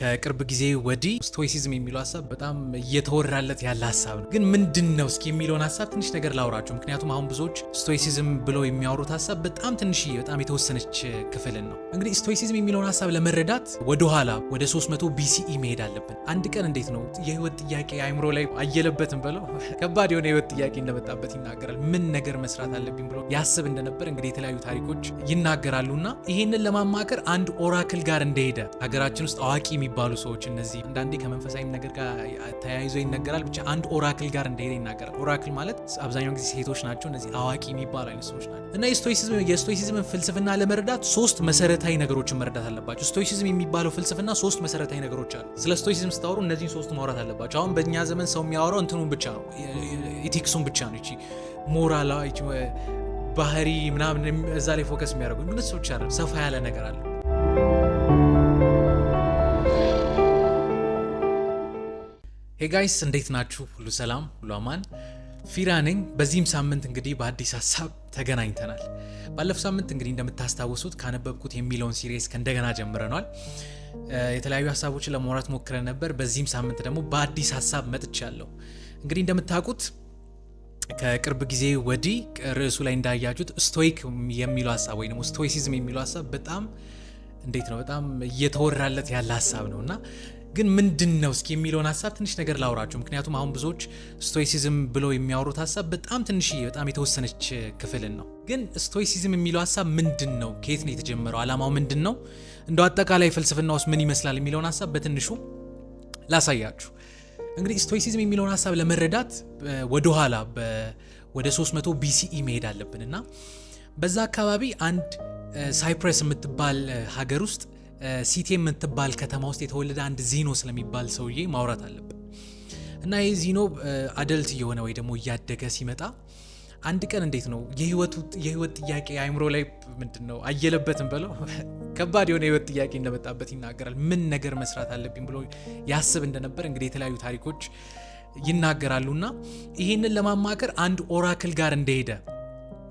ከቅርብ ጊዜ ወዲህ ስቶይሲዝም የሚለው ሀሳብ በጣም እየተወራለት ያለ ሀሳብ ነው። ግን ምንድን ነው እስኪ የሚለውን ሀሳብ ትንሽ ነገር ላውራችሁ። ምክንያቱም አሁን ብዙዎች ስቶይሲዝም ብለው የሚያወሩት ሀሳብ በጣም ትንሽዬ በጣም የተወሰነች ክፍልን ነው። እንግዲህ ስቶይሲዝም የሚለውን ሀሳብ ለመረዳት ወደኋላ ወደ 300 ቢሲኢ መሄድ አለብን። አንድ ቀን እንዴት ነው የህይወት ጥያቄ አይምሮ ላይ አየለበትም ብለው ከባድ የሆነ የህይወት ጥያቄ እንደመጣበት ይናገራል። ምን ነገር መስራት አለብኝ ብሎ ያስብ እንደነበር እንግዲህ የተለያዩ ታሪኮች ይናገራሉና ይሄንን ለማማከር አንድ ኦራክል ጋር እንደሄደ ሀገራችን ውስጥ አዋቂ የሚባሉ ሰዎች እነዚህ አንዳንዴ ከመንፈሳዊም ነገር ጋር ተያይዞ ይነገራል። ብቻ አንድ ኦራክል ጋር እንደሄደ ይናገራል። ኦራክል ማለት አብዛኛውን ጊዜ ሴቶች ናቸው፣ እነዚህ አዋቂ የሚባሉ አይነት ሰዎች ናቸው እና የስቶይሲዝም ፍልስፍና ለመረዳት ሶስት መሰረታዊ ነገሮችን መረዳት አለባቸው። ስቶይሲዝም የሚባለው ፍልስፍና ሶስት መሰረታዊ ነገሮች አሉ። ስለ ስቶይሲዝም ስታወሩ እነዚህን ሶስት ማውራት አለባቸው። አሁን በእኛ ዘመን ሰው የሚያወራው እንትኑን ብቻ ነው፣ ኢቲክሱን ብቻ ነው። ይቺ ባህሪ ምናምን እዛ ላይ ፎከስ የሚያደርጉ ግን ሰፋ ያለ ነገር አለ። ሄ ጋይስ እንዴት ናችሁ? ሁሉ ሰላም፣ ሁሉ አማን። ፊራ ነኝ። በዚህም ሳምንት እንግዲህ በአዲስ ሀሳብ ተገናኝተናል። ባለፈው ሳምንት እንግዲህ እንደምታስታውሱት ካነበብኩት የሚለውን ሲሪስ ከእንደገና ጀምረናል። የተለያዩ ሀሳቦችን ለማውራት ሞክረን ነበር። በዚህም ሳምንት ደግሞ በአዲስ ሀሳብ መጥቻለሁ። እንግዲህ እንደምታውቁት ከቅርብ ጊዜ ወዲህ ርዕሱ ላይ እንዳያችሁት ስቶይክ የሚለው ሀሳብ ወይም ስቶይሲዝም የሚለው ሀሳብ በጣም እንዴት ነው በጣም እየተወራለት ያለ ሀሳብ ነው እና ግን ምንድን ነው እስኪ የሚለውን ሀሳብ ትንሽ ነገር ላውራችሁ። ምክንያቱም አሁን ብዙዎች ስቶይሲዝም ብለው የሚያወሩት ሀሳብ በጣም ትንሽዬ በጣም የተወሰነች ክፍልን ነው። ግን ስቶይሲዝም የሚለው ሀሳብ ምንድን ነው? ከየት ነው የተጀመረው? ዓላማው ምንድን ነው? እንደ አጠቃላይ ፍልስፍና ውስጥ ምን ይመስላል የሚለውን ሀሳብ በትንሹ ላሳያችሁ። እንግዲህ ስቶይሲዝም የሚለውን ሀሳብ ለመረዳት ወደኋላ ወደ 300 ቢሲኢ መሄድ አለብን እና በዛ አካባቢ አንድ ሳይፕረስ የምትባል ሀገር ውስጥ ሲቴ የምትባል ከተማ ውስጥ የተወለደ አንድ ዚኖ ስለሚባል ሰውዬ ማውራት አለብን እና ይህ ዚኖ አደልት እየሆነ ወይ ደግሞ እያደገ ሲመጣ አንድ ቀን እንዴት ነው የህይወት ጥያቄ አይምሮ ላይ ምንድን ነው አየለበትም ብለው ከባድ የሆነ የህይወት ጥያቄ እንደመጣበት ይናገራል። ምን ነገር መስራት አለብኝ ብሎ ያስብ እንደነበር እንግዲህ የተለያዩ ታሪኮች ይናገራሉና ይህንን ለማማከር አንድ ኦራክል ጋር እንደሄደ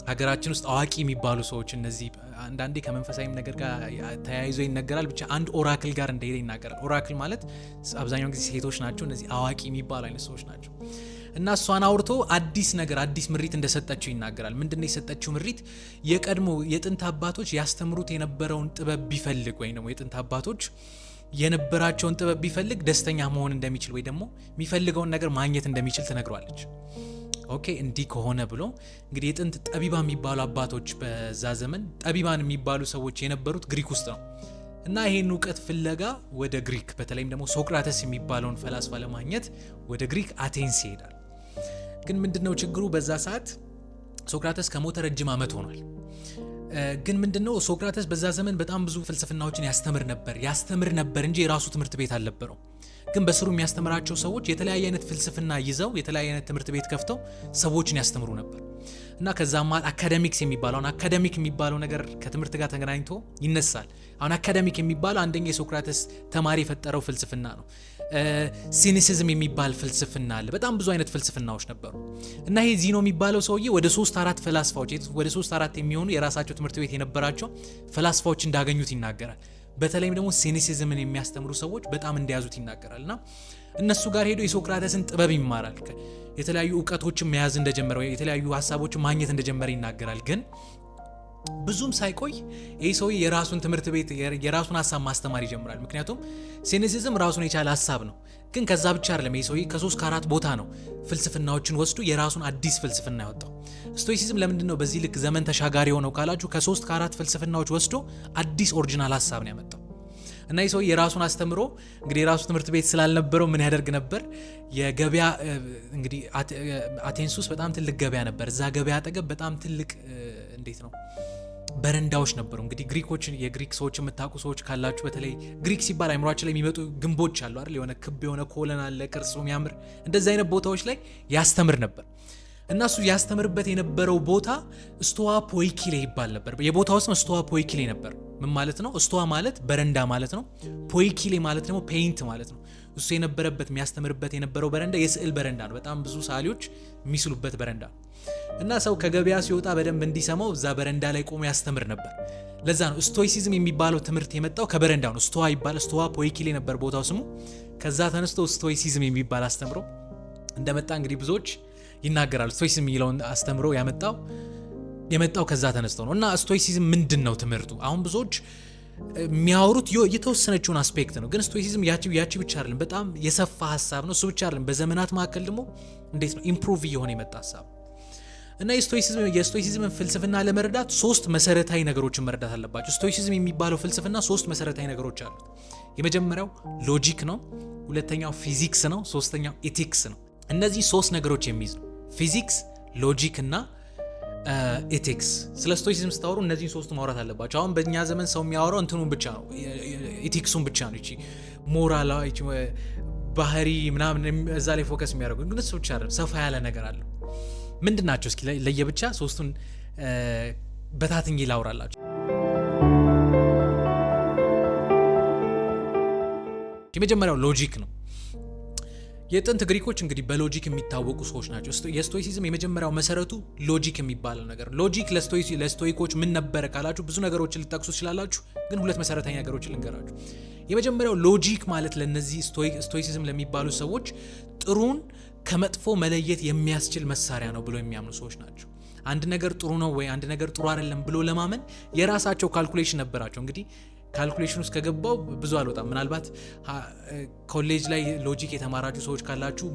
ሀገራችን ውስጥ አዋቂ የሚባሉ ሰዎች እነዚህ አንዳንዴ ከመንፈሳዊም ነገር ጋር ተያይዞ ይነገራል። ብቻ አንድ ኦራክል ጋር እንደሄደ ይናገራል። ኦራክል ማለት አብዛኛውን ጊዜ ሴቶች ናቸው። እነዚህ አዋቂ የሚባሉ አይነት ሰዎች ናቸው። እና እሷን አውርቶ አዲስ ነገር አዲስ ምሪት እንደሰጠችው ይናገራል። ምንድነው የሰጠችው ምሪት? የቀድሞ የጥንት አባቶች ያስተምሩት የነበረውን ጥበብ ቢፈልግ ወይም ደግሞ የጥንት አባቶች የነበራቸውን ጥበብ ቢፈልግ ደስተኛ መሆን እንደሚችል ወይ ደግሞ የሚፈልገውን ነገር ማግኘት እንደሚችል ትነግሯለች። ኦኬ እንዲህ ከሆነ ብሎ እንግዲህ የጥንት ጠቢባ የሚባሉ አባቶች በዛ ዘመን ጠቢባን የሚባሉ ሰዎች የነበሩት ግሪክ ውስጥ ነው እና ይሄን እውቀት ፍለጋ ወደ ግሪክ በተለይም ደግሞ ሶቅራተስ የሚባለውን ፈላስፋ ለማግኘት ወደ ግሪክ አቴንስ ይሄዳል። ግን ምንድነው ችግሩ? በዛ ሰዓት ሶቅራተስ ከሞተ ረጅም ዓመት ሆኗል። ግን ምንድነው ሶቅራተስ በዛ ዘመን በጣም ብዙ ፍልስፍናዎችን ያስተምር ነበር ያስተምር ነበር እንጂ የራሱ ትምህርት ቤት አልነበረው። ግን በስሩ የሚያስተምራቸው ሰዎች የተለያየ አይነት ፍልስፍና ይዘው የተለያየ አይነት ትምህርት ቤት ከፍተው ሰዎችን ያስተምሩ ነበር እና ከዛ ማል አካደሚክስ የሚባለው አሁን አካደሚክ የሚባለው ነገር ከትምህርት ጋር ተገናኝቶ ይነሳል። አሁን አካደሚክ የሚባለው አንደኛ የሶክራተስ ተማሪ የፈጠረው ፍልስፍና ነው። ሲኒሲዝም የሚባል ፍልስፍና አለ። በጣም ብዙ አይነት ፍልስፍናዎች ነበሩ እና ይሄ ዚኖ የሚባለው ሰውዬ ወደ ሶስት አራት ፈላስፋዎች ወደ ሶስት አራት የሚሆኑ የራሳቸው ትምህርት ቤት የነበራቸው ፈላስፋዎች እንዳገኙት ይናገራል። በተለይም ደግሞ ሴኒሲዝምን የሚያስተምሩ ሰዎች በጣም እንደያዙት ይናገራል እና እነሱ ጋር ሄዶ የሶክራተስን ጥበብ ይማራል። የተለያዩ እውቀቶችን መያዝ እንደጀመረ የተለያዩ ሀሳቦችን ማግኘት እንደጀመረ ይናገራል ግን ብዙም ሳይቆይ ይህ ሰውዬ የራሱን ትምህርት ቤት የራሱን ሀሳብ ማስተማር ይጀምራል። ምክንያቱም ሴኔሲዝም ራሱን የቻለ ሀሳብ ነው፣ ግን ከዛ ብቻ አይደለም። ይህ ሰውዬ ከሶስት ከአራት ቦታ ነው ፍልስፍናዎችን ወስዶ የራሱን አዲስ ፍልስፍና ያወጣው። ስቶይሲዝም ለምንድን ነው በዚህ ልክ ዘመን ተሻጋሪ የሆነው ካላችሁ ከሶስት ከአራት ፍልስፍናዎች ወስዶ አዲስ ኦሪጂናል ሀሳብ ነው ያመጣው። እና ይህ ሰውዬ የራሱን አስተምሮ እንግዲህ የራሱ ትምህርት ቤት ስላልነበረው ምን ያደርግ ነበር? የገበያ እንግዲህ አቴንሱስ በጣም ትልቅ ገበያ ነበር። እዛ ገበያ አጠገብ በጣም ትልቅ እንዴት ነው በረንዳዎች ነበሩ። እንግዲህ ግሪኮች የግሪክ ሰዎች የምታውቁ ሰዎች ካላችሁ በተለይ ግሪክ ሲባል አይምሯችን ላይ የሚመጡ ግንቦች አሉ አይደል? የሆነ ክብ የሆነ ኮለን አለ ቅርጹ የሚያምር እንደዚህ አይነት ቦታዎች ላይ ያስተምር ነበር እና እሱ ያስተምርበት የነበረው ቦታ ስቶዋ ፖይኪሌ ይባል ነበር። የቦታው ስም ስቶዋ ፖይኪሌ ነበር። ምን ማለት ነው? ስቶዋ ማለት በረንዳ ማለት ነው። ፖይኪሌ ማለት ደግሞ ፔይንት ማለት ነው። እሱ የነበረበት የሚያስተምርበት የነበረው በረንዳ የስዕል በረንዳ ነው። በጣም ብዙ ሰዓሊዎች የሚስሉበት በረንዳ እና ሰው ከገበያ ሲወጣ በደንብ እንዲሰማው እዛ በረንዳ ላይ ቆሞ ያስተምር ነበር። ለዛ ነው ስቶይሲዝም የሚባለው ትምህርት የመጣው ከበረንዳ ነው። ስቶዋ ይባል ስቶዋ ፖይኪሌ ነበር ቦታው ስሙ። ከዛ ተነስቶ ስቶይሲዝም የሚባል አስተምሮ እንደመጣ እንግዲህ ብዙዎች ይናገራሉ። ስቶይሲዝም የሚለውን አስተምሮ ያመጣው የመጣው ከዛ ተነስቶ ነው እና ስቶይሲዝም ምንድን ነው ትምህርቱ? አሁን ብዙዎች የሚያወሩት የተወሰነችውን አስፔክት ነው። ግን ስቶይሲዝም ያቺ ያቺ ብቻ አይደለም፣ በጣም የሰፋ ሀሳብ ነው። እሱ ብቻ አይደለም፣ በዘመናት መካከል ደግሞ እንዴት ነው ኢምፕሩቭ እየሆነ የመጣ ሀሳብ እና የስቶይሲዝምን ፍልስፍና ለመረዳት ሶስት መሰረታዊ ነገሮችን መረዳት አለባቸው። ስቶይሲዝም የሚባለው ፍልስፍና ሶስት መሰረታዊ ነገሮች አሉት። የመጀመሪያው ሎጂክ ነው፣ ሁለተኛው ፊዚክስ ነው፣ ሶስተኛው ኢቲክስ ነው። እነዚህ ሶስት ነገሮች የሚይዝ ነው። ፊዚክስ፣ ሎጂክ እና ኤቲክስ ስለ ስቶይሲዝም ስታወሩ እነዚህን ሶስቱ ማውራት አለባቸው። አሁን በእኛ ዘመን ሰው የሚያወራው እንትኑን ብቻ ነው፣ ኢቲክሱን ብቻ ነው። ይቺ ሞራላ ባህሪ ምናምን እዛ ላይ ፎከስ የሚያደርጉ ግን እሱ ብቻ አይደለም፣ ሰፋ ያለ ነገር አለው። ምንድን ናቸው? እስኪ ለየብቻ ሶስቱን በታትኝ ላውራላቸው። የመጀመሪያው ሎጂክ ነው። የጥንት ግሪኮች እንግዲህ በሎጂክ የሚታወቁ ሰዎች ናቸው። የስቶይሲዝም የመጀመሪያው መሰረቱ ሎጂክ የሚባለው ነገር። ሎጂክ ለስቶይኮች ምን ነበረ ካላችሁ ብዙ ነገሮችን ልጠቅሱ ትችላላችሁ፣ ግን ሁለት መሰረታዊ ነገሮችን ልንገራችሁ። የመጀመሪያው ሎጂክ ማለት ለነዚህ ስቶይሲዝም ለሚባሉ ሰዎች ጥሩን ከመጥፎ መለየት የሚያስችል መሳሪያ ነው ብሎ የሚያምኑ ሰዎች ናቸው። አንድ ነገር ጥሩ ነው ወይ አንድ ነገር ጥሩ አይደለም ብሎ ለማመን የራሳቸው ካልኩሌሽን ነበራቸው እንግዲህ ካልኩሌሽን ውስጥ ከገባው ብዙ አልወጣም። ምናልባት ኮሌጅ ላይ ሎጂክ የተማራችሁ ሰዎች ካላችሁ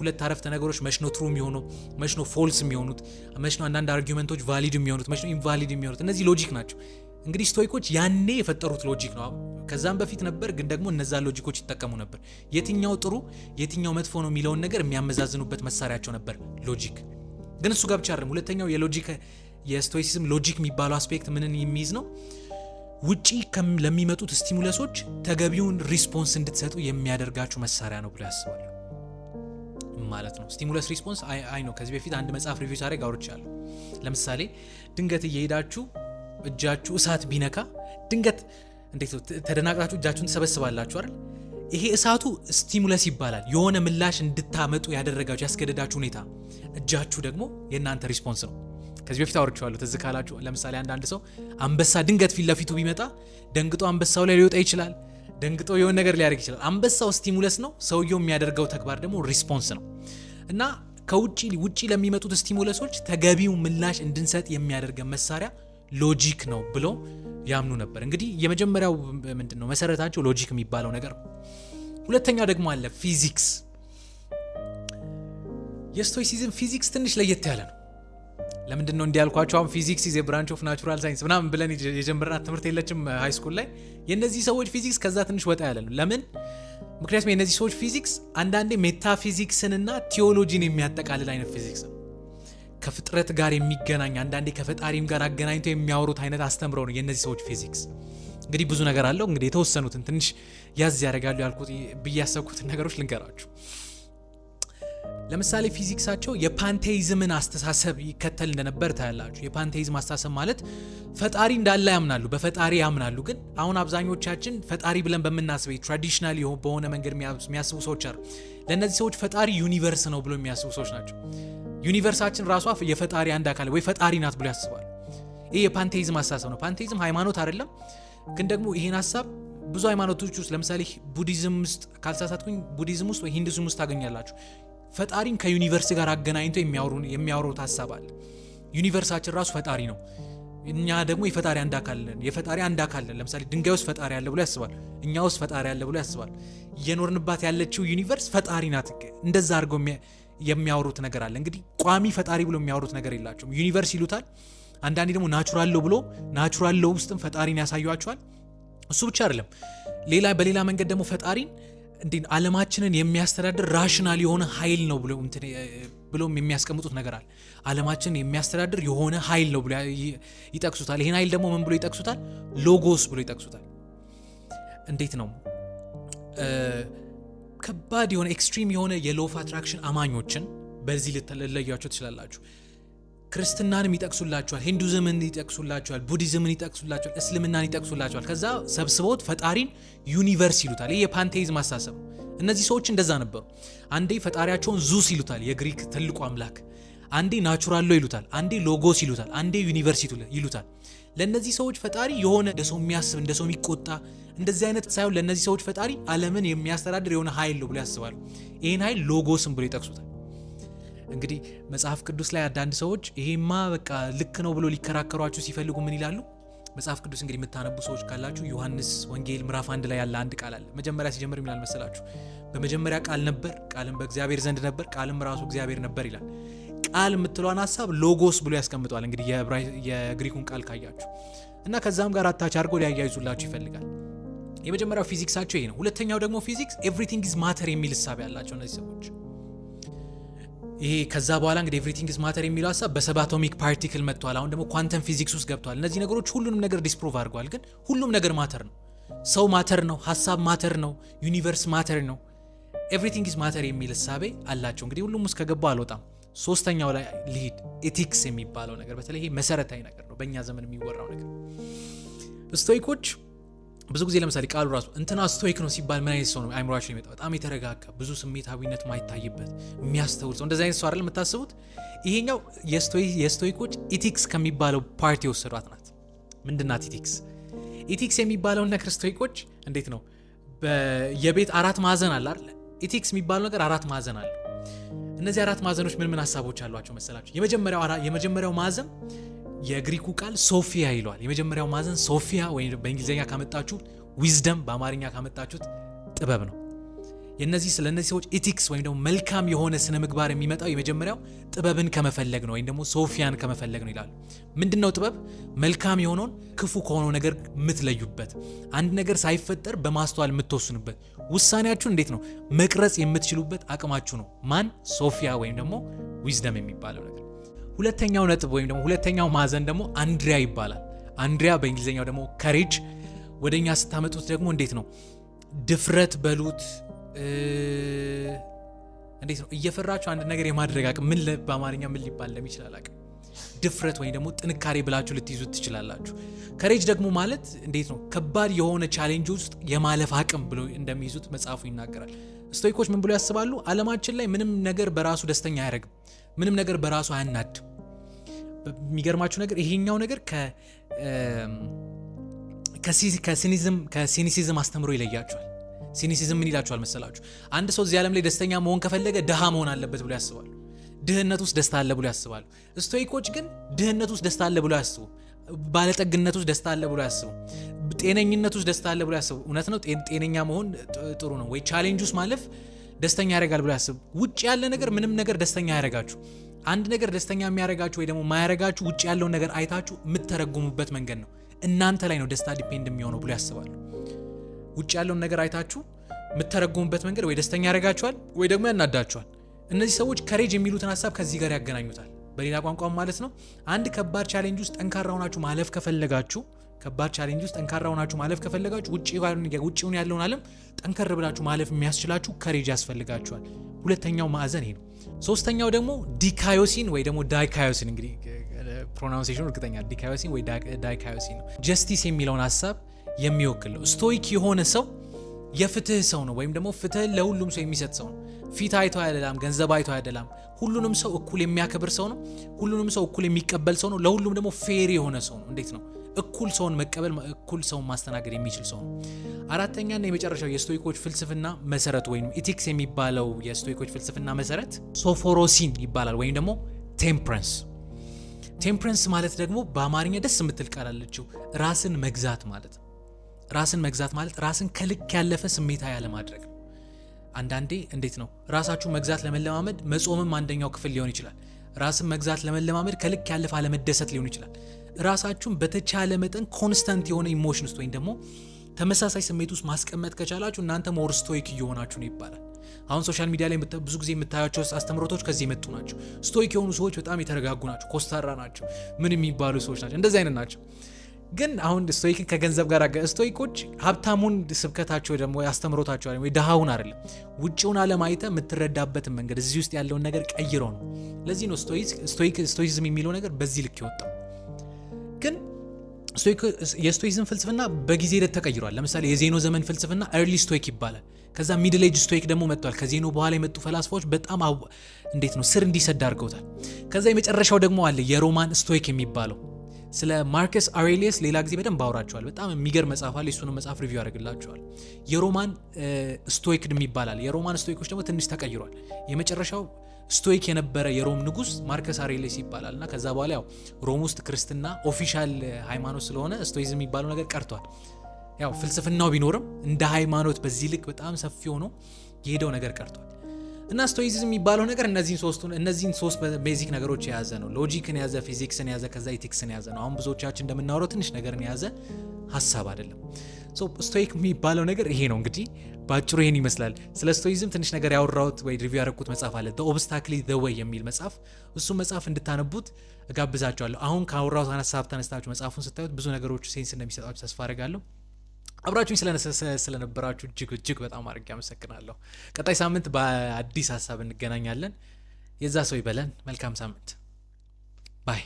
ሁለት አረፍተ ነገሮች መሽኖ ትሩ የሚሆኑ መሽኖ ፎልስ የሚሆኑት መሽኖ አንዳንድ አርጊመንቶች ቫሊድ የሚሆኑት መሽኖ ኢንቫሊድ የሚሆኑት እነዚህ ሎጂክ ናቸው። እንግዲህ ስቶይኮች ያኔ የፈጠሩት ሎጂክ ነው። ከዛም በፊት ነበር፣ ግን ደግሞ እነዛ ሎጂኮች ይጠቀሙ ነበር። የትኛው ጥሩ የትኛው መጥፎ ነው የሚለውን ነገር የሚያመዛዝኑበት መሳሪያቸው ነበር ሎጂክ። ግን እሱ ጋር ብቻ አይደለም። ሁለተኛው የሎጂክ የስቶይሲዝም ሎጂክ የሚባለው አስፔክት ምንን የሚይዝ ነው? ውጪ ለሚመጡት ስቲሙለሶች ተገቢውን ሪስፖንስ እንድትሰጡ የሚያደርጋችሁ መሳሪያ ነው ብሎ ያስባሉ ማለት ነው። ስቲሙለስ ሪስፖንስ አይ ነው። ከዚህ በፊት አንድ መጽሐፍ ሪቪው ጋሮች አሉ። ለምሳሌ ድንገት እየሄዳችሁ እጃችሁ እሳት ቢነካ ድንገት እንዴት እጃችሁን ትሰበስባላችሁ አይደል? ይሄ እሳቱ ስቲሙለስ ይባላል። የሆነ ምላሽ እንድታመጡ ያደረጋችሁ ያስገደዳችሁ ሁኔታ፣ እጃችሁ ደግሞ የእናንተ ሪስፖንስ ነው። ከዚህ በፊት አውርቼዋለሁ ትዝ ካላችሁ። ለምሳሌ አንዳንድ ሰው አንበሳ ድንገት ፊት ለፊቱ ቢመጣ ደንግጦ አንበሳው ላይ ሊወጣ ይችላል። ደንግጦ የሆን ነገር ሊያደርግ ይችላል። አንበሳው ስቲሙለስ ነው፣ ሰውየው የሚያደርገው ተግባር ደግሞ ሪስፖንስ ነው እና ከውጭ ውጭ ለሚመጡት ስቲሙለሶች ተገቢው ምላሽ እንድንሰጥ የሚያደርገን መሳሪያ ሎጂክ ነው ብሎ ያምኑ ነበር። እንግዲህ የመጀመሪያው ምንድን ነው መሰረታቸው ሎጂክ የሚባለው ነገር ነው። ሁለተኛው ደግሞ አለ ፊዚክስ። የስቶይሲዝም ፊዚክስ ትንሽ ለየት ያለ ነው። ለምንድን ነው እንዲያልኳቸው አሁን ፊዚክስ ኢዝ ብራንች ኦፍ ናቹራል ሳይንስ ምናምን ብለን የጀመርናት ትምህርት የለችም ሃይ uh, ስኩል ላይ። የእነዚህ ሰዎች ፊዚክስ ከዛ ትንሽ ወጣ ያለ ነው። ለምን? ምክንያቱም የእነዚህ ሰዎች ፊዚክስ አንዳንዴ ሜታፊዚክስንና ቲዎሎጂን የሚያጠቃልል አይነት ፊዚክስ ነው። ከፍጥረት ጋር የሚገናኝ አንዳንዴ ከፈጣሪም ጋር አገናኝቶ የሚያወሩት አይነት አስተምረው ነው የእነዚህ ሰዎች ፊዚክስ። እንግዲህ ብዙ ነገር አለው። እንግዲህ የተወሰኑትን ትንሽ ያዝ ያደርጋሉ ያልኩት ብያሰብኩትን ነገሮች ልንገራችሁ። ለምሳሌ ፊዚክሳቸው የፓንቴይዝምን አስተሳሰብ ይከተል እንደነበር ታያላችሁ። የፓንቴይዝም አስተሳሰብ ማለት ፈጣሪ እንዳለ ያምናሉ፣ በፈጣሪ ያምናሉ። ግን አሁን አብዛኞቻችን ፈጣሪ ብለን በምናስበው ትራዲሽናል በሆነ መንገድ የሚያስቡ ሰዎች አሉ። ለእነዚህ ሰዎች ፈጣሪ ዩኒቨርስ ነው ብሎ የሚያስቡ ሰዎች ናቸው። ዩኒቨርሳችን ራሷ የፈጣሪ አንድ አካል ወይ ፈጣሪ ናት ብሎ ያስባል። ይህ የፓንቴይዝም አስተሳሰብ ነው። ፓንቴይዝም ሃይማኖት አይደለም፣ ግን ደግሞ ይህን ሀሳብ ብዙ ሃይማኖቶች ውስጥ ለምሳሌ ቡዲዝም ውስጥ ካልሳሳትኩኝ ቡዲዝም ውስጥ ወይ ሂንዱዝም ውስጥ ታገኛላችሁ። ፈጣሪን ከዩኒቨርስ ጋር አገናኝቶ የሚያወሩት ሀሳብ አለ። ዩኒቨርሳችን ራሱ ፈጣሪ ነው። እኛ ደግሞ የፈጣሪ አንድ አካል ነን። የፈጣሪ አንድ አካል ነን። ለምሳሌ ድንጋይ ውስጥ ፈጣሪ አለ ብሎ ያስባል። እኛ ውስጥ ፈጣሪ አለ ብሎ ያስባል። እየኖርንባት ያለችው ዩኒቨርስ ፈጣሪ ናት። እንደዛ አድርገው የሚያወሩት ነገር አለ። እንግዲህ ቋሚ ፈጣሪ ብሎ የሚያወሩት ነገር የላቸውም። ዩኒቨርስ ይሉታል። አንዳንዴ ደግሞ ናቹራል ለው ብሎ ናቹራል ለው ውስጥም ፈጣሪን ያሳዩቸዋል። እሱ ብቻ አይደለም፣ ሌላ በሌላ መንገድ ደግሞ ፈጣሪን እንዴ ዓለማችንን የሚያስተዳድር ራሽናል የሆነ ኃይል ነው ብሎ ብሎም የሚያስቀምጡት ነገር አለ። ዓለማችንን የሚያስተዳድር የሆነ ኃይል ነው ብሎ ይጠቅሱታል። ይህን ኃይል ደግሞ ምን ብሎ ይጠቅሱታል? ሎጎስ ብሎ ይጠቅሱታል። እንዴት ነው ከባድ የሆነ ኤክስትሪም የሆነ የሎፍ አትራክሽን አማኞችን በዚህ ልለያቸው ትችላላችሁ። ክርስትናንም ይጠቅሱላቸዋል፣ ሂንዱዝምን ይጠቅሱላቸዋል፣ ቡዲዝምን ይጠቅሱላቸዋል፣ እስልምናን ይጠቅሱላቸዋል። ከዛ ሰብስበውት ፈጣሪን ዩኒቨርስ ይሉታል። ይህ የፓንቴይዝም ማሳሰብ እነዚህ ሰዎች እንደዛ ነበሩ። አንዴ ፈጣሪያቸውን ዙስ ይሉታል፣ የግሪክ ትልቁ አምላክ፣ አንዴ ናቹራሎ ይሉታል፣ አንዴ ሎጎስ ይሉታል፣ አንዴ ዩኒቨርስ ይሉታል። ለእነዚህ ሰዎች ፈጣሪ የሆነ እንደ ሰው የሚያስብ እንደ ሰው የሚቆጣ እንደዚህ አይነት ሳይሆን ለእነዚህ ሰዎች ፈጣሪ አለምን የሚያስተዳድር የሆነ ኃይል ነው ብሎ ያስባሉ። ይህን ሀይል ሎጎስም ብሎ ይጠቅሱታል። እንግዲህ መጽሐፍ ቅዱስ ላይ አንዳንድ ሰዎች ይሄማ በቃ ልክ ነው ብሎ ሊከራከሯችሁ ሲፈልጉ ምን ይላሉ? መጽሐፍ ቅዱስ እንግዲህ የምታነቡ ሰዎች ካላችሁ ዮሐንስ ወንጌል ምዕራፍ አንድ ላይ ያለ አንድ ቃል አለ። መጀመሪያ ሲጀምር ይላል መሰላችሁ፣ በመጀመሪያ ቃል ነበር፣ ቃልም በእግዚአብሔር ዘንድ ነበር፣ ቃልም ራሱ እግዚአብሔር ነበር ይላል። ቃል የምትለዋን ሀሳብ ሎጎስ ብሎ ያስቀምጠዋል። እንግዲህ የግሪኩን ቃል ካያችሁ እና ከዛም ጋር አታች አድርጎ ሊያያይዙላችሁ ይፈልጋል። የመጀመሪያው ፊዚክሳቸው ይሄ ነው። ሁለተኛው ደግሞ ፊዚክስ ኤቭሪቲንግ ኢዝ ማተር የሚል እሳቤ ያላቸው እነዚህ ሰዎች ይሄ ከዛ በኋላ እንግዲህ ኤቭሪቲንግ ኢዝ ማተር የሚለው ሀሳብ በሰባቶሚክ አቶሚክ ፓርቲክል መጥቷል። አሁን ደግሞ ኳንተም ፊዚክስ ውስጥ ገብቷል። እነዚህ ነገሮች ሁሉንም ነገር ዲስፕሮቭ አድርጓል። ግን ሁሉም ነገር ማተር ነው። ሰው ማተር ነው፣ ሀሳብ ማተር ነው፣ ዩኒቨርስ ማተር ነው። ኤቭሪቲንግ ኢዝ ማተር የሚል እሳቤ አላቸው። እንግዲህ ሁሉም ውስጥ ከገባው አልወጣም። ሶስተኛው ላይ ሊሂድ ኤቲክስ የሚባለው ነገር በተለይ መሰረታዊ ነገር ነው፣ በእኛ ዘመን የሚወራው ነገር ስቶይኮች ብዙ ጊዜ ለምሳሌ ቃሉ ራሱ እንትና ስቶይክ ነው ሲባል ምን አይነት ሰው ነው አይምሯችን ይመጣ? በጣም የተረጋጋ ብዙ ስሜታዊነት ማይታይበት የሚያስተውል ሰው እንደዚህ አይነት ሰው አይደል የምታስቡት? ይሄኛው የስቶይኮች ኢቲክስ ከሚባለው ፓርቲ የወሰዷት ናት። ምንድናት ኢቲክስ? ኢቲክስ የሚባለውን ነገር ስቶይኮች እንዴት ነው የቤት አራት ማዕዘን አለ አለ ኢቲክስ የሚባለው ነገር አራት ማዕዘን አለ። እነዚህ አራት ማዕዘኖች ምን ምን ሀሳቦች አሏቸው መሰላቸው? የመጀመሪያው ማዕዘን የግሪኩ ቃል ሶፊያ ይለዋል። የመጀመሪያው ማዕዘን ሶፊያ ወይ በእንግሊዝኛ ካመጣችሁት ዊዝደም፣ በአማርኛ ካመጣችሁት ጥበብ ነው። የነዚህ ስለ እነዚህ ሰዎች ኢቲክስ ወይም ደግሞ መልካም የሆነ ስነ ምግባር የሚመጣው የመጀመሪያው ጥበብን ከመፈለግ ነው ወይም ደግሞ ሶፊያን ከመፈለግ ነው ይላሉ። ምንድን ነው ጥበብ? መልካም የሆነውን ክፉ ከሆነው ነገር የምትለዩበት፣ አንድ ነገር ሳይፈጠር በማስተዋል የምትወስኑበት፣ ውሳኔያችሁን እንዴት ነው መቅረጽ የምትችሉበት አቅማችሁ ነው። ማን ሶፊያ ወይም ደግሞ ዊዝደም የሚባለው ነገር ሁለተኛው ነጥብ ወይም ደግሞ ሁለተኛው ማዕዘን ደግሞ አንድሪያ ይባላል። አንድሪያ በእንግሊዝኛው ደግሞ ከሬጅ፣ ወደ እኛ ስታመጡት ደግሞ እንዴት ነው ድፍረት በሉት እንዴት ነው እየፈራችሁ አንድ ነገር የማድረግ አቅም ምን በአማርኛ ምን ሊባል እንደሚችላል አቅም ድፍረት ወይም ደግሞ ጥንካሬ ብላችሁ ልትይዙት ትችላላችሁ። ከሬጅ ደግሞ ማለት እንዴት ነው ከባድ የሆነ ቻሌንጅ ውስጥ የማለፍ አቅም ብሎ እንደሚይዙት መጽሐፉ ይናገራል። ስቶይኮች ምን ብሎ ያስባሉ? አለማችን ላይ ምንም ነገር በራሱ ደስተኛ አያደርግም። ምንም ነገር በራሱ አያናድ የሚገርማችሁ ነገር ይሄኛው ነገር ከሲኒሲዝም አስተምሮ ይለያቸዋል። ሲኒሲዝም ምን ይላቸዋል መሰላችሁ? አንድ ሰው እዚህ ዓለም ላይ ደስተኛ መሆን ከፈለገ ድሃ መሆን አለበት ብሎ ያስባሉ። ድህነት ውስጥ ደስታ አለ ብሎ ያስባሉ። ስቶይኮች ግን ድህነት ውስጥ ደስታ አለ ብሎ ያስቡ። ባለጠግነት ውስጥ ደስታ አለ ብሎ ያስቡ። ጤነኝነት ውስጥ ደስታ አለ ብሎ ያስቡ። እውነት ነው፣ ጤነኛ መሆን ጥሩ ነው ወይ ቻሌንጅ ውስጥ ማለፍ ደስተኛ ያደርጋል ብሎ ያስብ። ውጭ ያለ ነገር ምንም ነገር ደስተኛ ያደርጋችሁ አንድ ነገር ደስተኛ የሚያደርጋችሁ ወይ ደግሞ ማያደርጋችሁ ውጭ ያለውን ነገር አይታችሁ የምትተረጉሙበት መንገድ ነው። እናንተ ላይ ነው ደስታ ዲፔንድ የሚሆነው ብሎ ያስባሉ። ውጭ ያለውን ነገር አይታችሁ የምትተረጉሙበት መንገድ ወይ ደስተኛ ያደርጋችኋል ወይ ደግሞ ያናዳችኋል። እነዚህ ሰዎች ከሬጅ የሚሉትን ሀሳብ ከዚህ ጋር ያገናኙታል። በሌላ ቋንቋም ማለት ነው አንድ ከባድ ቻሌንጅ ውስጥ ጠንካራ ሆናችሁ ማለፍ ከፈለጋችሁ ከባድ ቻሌንጅ ውስጥ ጠንካራ ሆናችሁ ማለፍ ከፈለጋችሁ ውጭውን ያለውን ዓለም ጠንከር ብላችሁ ማለፍ የሚያስችላችሁ ከሬጅ ያስፈልጋችኋል። ሁለተኛው ማዕዘን ይሄ ነው። ሶስተኛው ደግሞ ዲካዮሲን ወይ ደግሞ ዳይካዮሲን እንግዲህ ፕሮናውንሴሽኑ እርግጠኛ ዲካዮሲን ወይ ዳይካዮሲን ነው። ጀስቲስ የሚለውን ሀሳብ የሚወክል ነው። ስቶይክ የሆነ ሰው የፍትህ ሰው ነው፣ ወይም ደግሞ ፍትህ ለሁሉም ሰው የሚሰጥ ሰው ነው። ፊት አይቶ አያደላም፣ ገንዘብ አይቶ አያደላም። ሁሉንም ሰው እኩል የሚያከብር ሰው ነው። ሁሉንም ሰው እኩል የሚቀበል ሰው ነው። ለሁሉም ደግሞ ፌር የሆነ ሰው ነው። እንዴት ነው እኩል ሰውን መቀበል፣ እኩል ሰውን ማስተናገድ የሚችል ሰው ነው። አራተኛና የመጨረሻው የስቶይኮች ፍልስፍና መሰረት ወይም ኢቲክስ የሚባለው የስቶይኮች ፍልስፍና መሰረት ሶፎሮሲን ይባላል ወይም ደግሞ ቴምፕረንስ። ቴምፕረንስ ማለት ደግሞ በአማርኛ ደስ የምትል ቃል አለችው፣ ራስን መግዛት ማለት ራስን መግዛት ማለት ራስን ከልክ ያለፈ ስሜታ ያለማድረግ ነው። አንዳንዴ እንዴት ነው ራሳችሁ መግዛት ለመለማመድ መጾምም አንደኛው ክፍል ሊሆን ይችላል። ራስን መግዛት ለመለማመድ ከልክ ያለፈ አለመደሰት ሊሆን ይችላል። ራሳችሁን በተቻለ መጠን ኮንስተንት የሆነ ኢሞሽን ውስጥ ወይም ደግሞ ተመሳሳይ ስሜት ውስጥ ማስቀመጥ ከቻላችሁ እናንተ ሞር ስቶይክ እየሆናችሁ ነው ይባላል። አሁን ሶሻል ሚዲያ ላይ ብዙ ጊዜ የምታያቸው አስተምሮቶች ከዚህ የመጡ ናቸው። ስቶይክ የሆኑ ሰዎች በጣም የተረጋጉ ናቸው፣ ኮስታራ ናቸው፣ ምን የሚባሉ ሰዎች ናቸው፣ እንደዚህ አይነት ናቸው። ግን አሁን ስቶይክን ከገንዘብ ጋር ስቶይኮች ሀብታሙን ስብከታቸው ደግሞ አስተምሮታቸው ወይ ድሃውን አይደለም ውጭውን ዓለም አይተ የምትረዳበትን መንገድ እዚህ ውስጥ ያለውን ነገር ቀይረው ነው። ለዚህ ነው ስቶይክ ስቶይክዝም የሚለው ነገር በዚህ ልክ የወጣው። የስቶይዝም ፍልስፍና በጊዜ ሂደት ተቀይሯል። ለምሳሌ የዜኖ ዘመን ፍልስፍና ኤርሊ ስቶይክ ይባላል። ከዛ ሚድል ኤጅ ስቶይክ ደግሞ መጥቷል። ከዜኖ በኋላ የመጡ ፈላስፋዎች በጣም እንዴት ነው ስር እንዲሰድ አድርገውታል። ከዛ የመጨረሻው ደግሞ አለ የሮማን ስቶይክ የሚባለው ስለ ማርከስ አሬሊየስ ሌላ ጊዜ በደንብ አውራቸዋል። በጣም የሚገርም መጽሐፍ አለ። እሱንም መጽሐፍ ሪቪው ያደርግላቸዋል። የሮማን ስቶይክ ይባላል። የሮማን ስቶይኮች ደግሞ ትንሽ ተቀይሯል። የመጨረሻው ስቶይክ የነበረ የሮም ንጉስ ማርከስ አውሬሊየስ ይባላል እና ከዛ በኋላ ያው ሮም ውስጥ ክርስትና ኦፊሻል ሃይማኖት ስለሆነ ስቶይዝም የሚባለው ነገር ቀርቷል። ያው ፍልስፍናው ቢኖርም እንደ ሃይማኖት በዚህ ልክ በጣም ሰፊ ሆኖ የሄደው ነገር ቀርቷል። እና ስቶይሲዝም የሚባለው ነገር እነዚህን ሶስቱን እነዚህን ሶስት ቤዚክ ነገሮች የያዘ ነው። ሎጂክን የያዘ፣ ፊዚክስን የያዘ፣ ከዛ ኢቲክስን የያዘ ነው። አሁን ብዙዎቻችን እንደምናወራው ትንሽ ነገርን የያዘ ሀሳብ አይደለም። ስቶይክ የሚባለው ነገር ይሄ ነው እንግዲህ በአጭሩ ይህን ይመስላል። ስለ ስቶይዝም ትንሽ ነገር ያወራሁት ወይ ሪቪው ያደረኩት መጽሐፍ አለ ኦብስታክሊ ዘ ዌይ የሚል መጽሐፍ። እሱ መጽሐፍ እንድታነቡት እጋብዛቸዋለሁ። አሁን ካወራሁት ሀሳብ ተነስታችሁ መጽሐፉን ስታዩት ብዙ ነገሮች ሴንስ እንደሚሰጣችሁ ተስፋ አደርጋለሁ። አብራችሁኝ ስለነበራችሁ እጅግ እጅግ በጣም አድርጌ አመሰግናለሁ። ቀጣይ ሳምንት በአዲስ ሀሳብ እንገናኛለን። የዛ ሰው ይበለን። መልካም ሳምንት ባይ